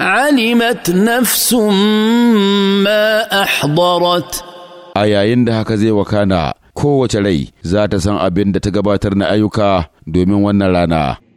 علمت نفس ما a yayin da haka zai wakana kowace rai za ta san abin da ta gabatar na ayyuka domin wannan rana.